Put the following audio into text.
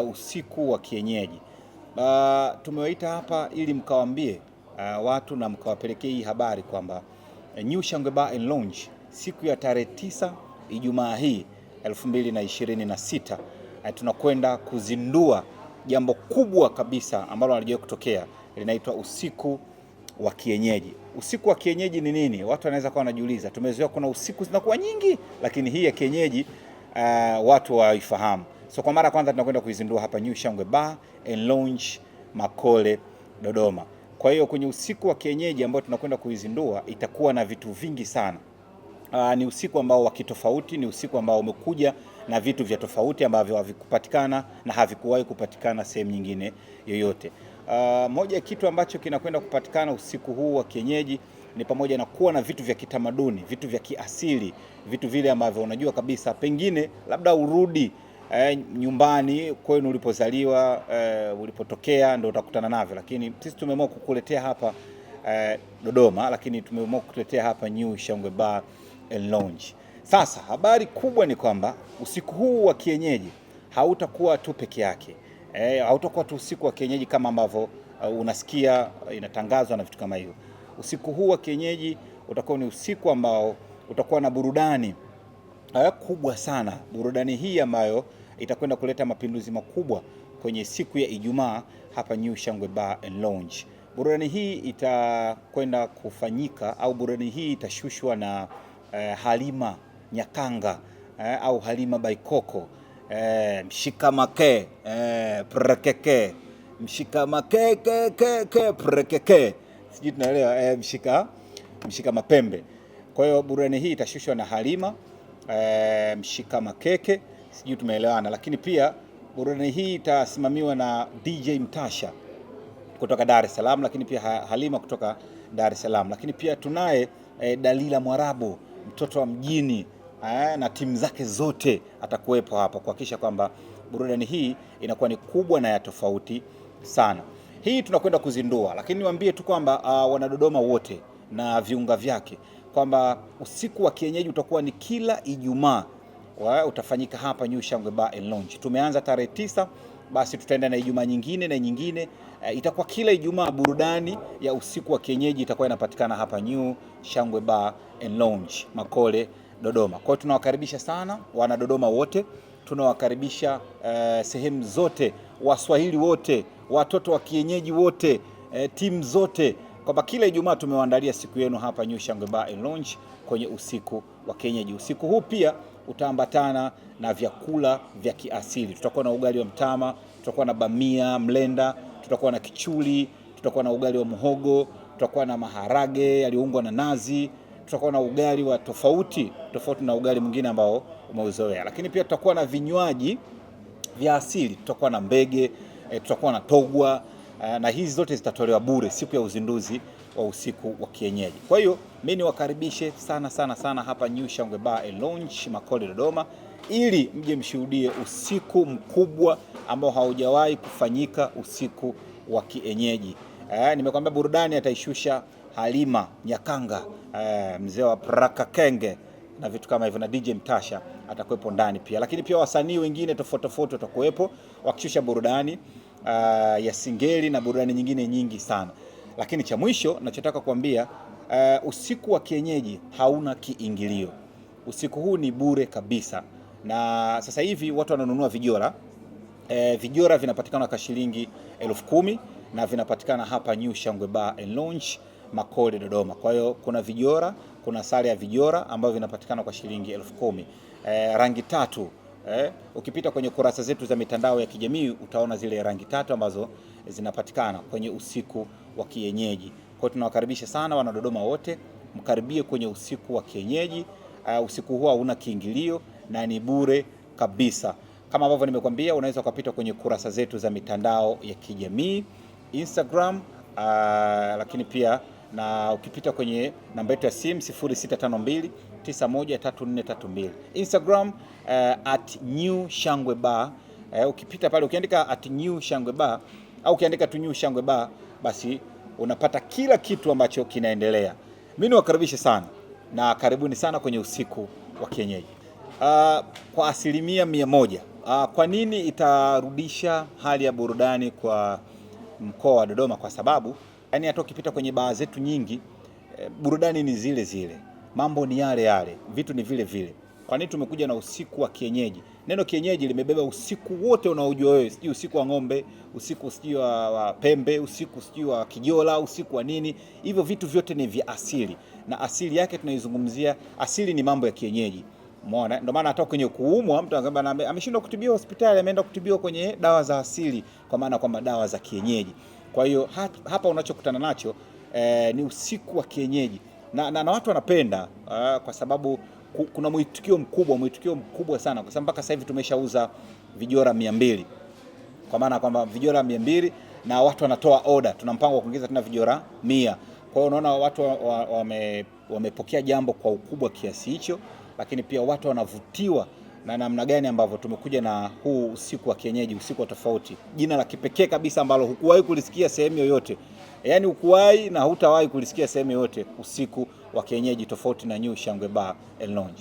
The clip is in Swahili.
uh, usiku wa kienyeji. Uh, tumewaita hapa ili mkawaambie uh, watu na mkawapelekea hii habari kwamba uh, New Shangwe Bar and Lounge siku ya tarehe tisa Ijumaa hii 2026 uh, e, tunakwenda kuzindua jambo kubwa kabisa ambalo halijawahi kutokea, linaitwa usiku wa kienyeji. Usiku wa kienyeji ni nini? Watu wanaweza kuwa wanajiuliza. Tumezoea kuna usiku zinakuwa nyingi, lakini hii ya kienyeji uh, watu waifahamu. So kwa mara ya kwanza tunakwenda kuizindua hapa New Shangwe Bar and Lounge Makole Dodoma. Kwa hiyo kwenye usiku wa kienyeji ambao tunakwenda kuizindua itakuwa na vitu vingi sana. Aa, ah, ni usiku ambao wa kitofauti, ni usiku ambao umekuja na vitu vya tofauti ambavyo havikupatikana na havikuwahi kupatikana sehemu nyingine yoyote. Aa, ah, moja ya kitu ambacho kinakwenda kupatikana usiku huu wa kienyeji ni pamoja na kuwa na vitu vya kitamaduni, vitu vya kiasili, vitu vile ambavyo unajua kabisa pengine labda urudi eh, nyumbani kwenu ulipozaliwa eh, ulipotokea ndio utakutana navyo, lakini sisi tumeamua kukuletea hapa eh, Dodoma, lakini tumeamua kukuletea hapa New Shangwe Bar and Lounge. Sasa habari kubwa ni kwamba usiku huu wa kienyeji hautakuwa tu peke yake eh, hautakuwa tu usiku wa kienyeji kama ambavyo uh, unasikia eh, inatangazwa na vitu kama hivyo. Usiku huu wa kienyeji utakuwa ni usiku ambao utakuwa na burudani eh, kubwa sana, burudani hii ambayo itakwenda kuleta mapinduzi makubwa kwenye siku ya Ijumaa hapa New Shangwe Bar and Lounge. Burudani hii itakwenda kufanyika au burudani hii itashushwa na eh, Halima Nyakanga eh, au Halima Baikoko eh, mshikamake eh, prekeke ke, prekeke sijui tunaelewa eh, mshika, mshika mapembe. Kwa hiyo burudani hii itashushwa na Halima eh, mshika makeke sijui tumeelewana. Lakini pia burudani hii itasimamiwa na DJ Mtasha kutoka Dar es Salaam, lakini pia Halima kutoka Dar es Salaam, lakini pia tunaye e, Dalila Mwarabu mtoto wa mjini a, eh, na timu zake zote atakuwepo hapa kuhakikisha kwamba burudani hii inakuwa ni kubwa na ya tofauti sana. Hii tunakwenda kuzindua, lakini niwaambie tu kwamba uh, wanadodoma wote na viunga vyake kwamba usiku wa kienyeji utakuwa ni kila Ijumaa wa utafanyika hapa New Shangwe Bar and Lounge. Tumeanza tarehe tisa, basi tutaenda na Ijumaa nyingine na nyingine. E, itakuwa kila Ijumaa burudani ya usiku wa kienyeji itakuwa inapatikana hapa New Shangwe Bar and Lounge Makole, Dodoma. Kwa hiyo tunawakaribisha sana wana Dodoma wote, tunawakaribisha e, sehemu zote, Waswahili wote, watoto wa kienyeji wote, e, timu zote kwamba kila Ijumaa tumewaandalia siku yenu hapa New Shangwe Bar and Lounge kwenye usiku wa kienyeji. Usiku huu pia utaambatana na vyakula vya kiasili. Tutakuwa na ugali wa mtama, tutakuwa na bamia mlenda, tutakuwa na kichuli, tutakuwa na ugali wa muhogo, tutakuwa na maharage yaliyoungwa na nazi, tutakuwa na ugali wa tofauti tofauti na ugali mwingine ambao umeuzoea, lakini pia tutakuwa na vinywaji vya asili. Tutakuwa na mbege, eh, tutakuwa na togwa Eh, na hizi zote zitatolewa bure siku ya uzinduzi wa usiku wa kienyeji. Kwa hiyo mimi niwakaribishe sana sana sana hapa New Shangwe Bar and Lounge Makole, Dodoma ili mje mshuhudie usiku mkubwa ambao haujawahi kufanyika, usiku wa kienyeji. Eh, nimekwambia burudani ataishusha Halima Nyakanga, eh, mzee wa Praka Kenge na vitu kama hivyo na DJ Mtasha atakuwepo ndani pia, lakini pia wasanii wengine tofauti tofauti watakuwepo wakishusha burudani uh, ya singeli na burudani nyingine nyingi sana. Lakini cha mwisho nachotaka kuambia uh, usiku wa kienyeji hauna kiingilio. Usiku huu ni bure kabisa, na sasa hivi watu wananunua vijora E, vijora vinapatikana kwa shilingi elfu kumi na vinapatikana hapa New Shangwe Bar and Lounge Makole, Dodoma. Kwa hiyo kuna vijora, kuna sare ya vijora ambavyo vinapatikana kwa shilingi elfu kumi. E, rangi tatu Eh, ukipita kwenye kurasa zetu za mitandao ya kijamii utaona zile rangi tatu ambazo zinapatikana kwenye usiku wa kienyeji. Kwa hiyo tunawakaribisha sana wanadodoma wote mkaribie kwenye usiku wa kienyeji. Uh, usiku huu hauna kiingilio na ni bure kabisa. Kama ambavyo nimekwambia, unaweza ukapita kwenye kurasa zetu za mitandao ya kijamii Instagram, uh, lakini pia na ukipita kwenye namba yetu ya simu 0652 913432, Instagram uh, at new shangwe bar uh, ukipita pale ukiandika at new shangwe bar au ukiandika tu new shangwe bar, basi unapata kila kitu ambacho kinaendelea. Mimi niwakaribishe sana na karibuni sana kwenye usiku wa kienyeji uh, kwa asilimia mia moja. Uh, kwa nini itarudisha hali ya burudani kwa mkoa wa Dodoma? Kwa sababu yani hata ukipita kwenye baa zetu nyingi e, burudani ni zile zile, mambo ni yale yale, vitu ni vile vile. Kwa nini tumekuja na usiku wa kienyeji? Neno kienyeji limebeba usiku wote unaojua wewe, sijui usiku wa ng'ombe, usiku sijui wa pembe, usiku sijui wa kijola, usiku wa nini. Hivyo vitu vyote ni vya asili, na asili yake tunaizungumzia. Asili ni mambo ya kienyeji, umeona. Ndio maana hata kwenye kuumwa mtu ameshindwa kutibiwa hospitali, ameenda kutibiwa kwenye dawa za asili, kwa maana kwamba dawa za kienyeji. Kwa hiyo hapa unachokutana nacho eh, ni usiku wa kienyeji na, na, na watu wanapenda uh, kwa sababu kuna mwitikio mkubwa, mwitikio mkubwa sana, kwa sababu mpaka sasa hivi tumeshauza vijora mia mbili kwa maana kwamba vijora mia mbili na watu wanatoa oda, tuna mpango wa kuingiza tena vijora mia. Kwa hiyo unaona watu wamepokea wa, wa, wa, jambo kwa ukubwa kiasi hicho, lakini pia watu wanavutiwa na namna gani ambavyo tumekuja na huu usiku wa kienyeji, usiku wa tofauti, jina la kipekee kabisa ambalo hukuwahi kulisikia sehemu yoyote, yaani hukuwahi na hutawahi kulisikia sehemu yoyote, usiku wa kienyeji tofauti na New Shangwe Bar and Lounge.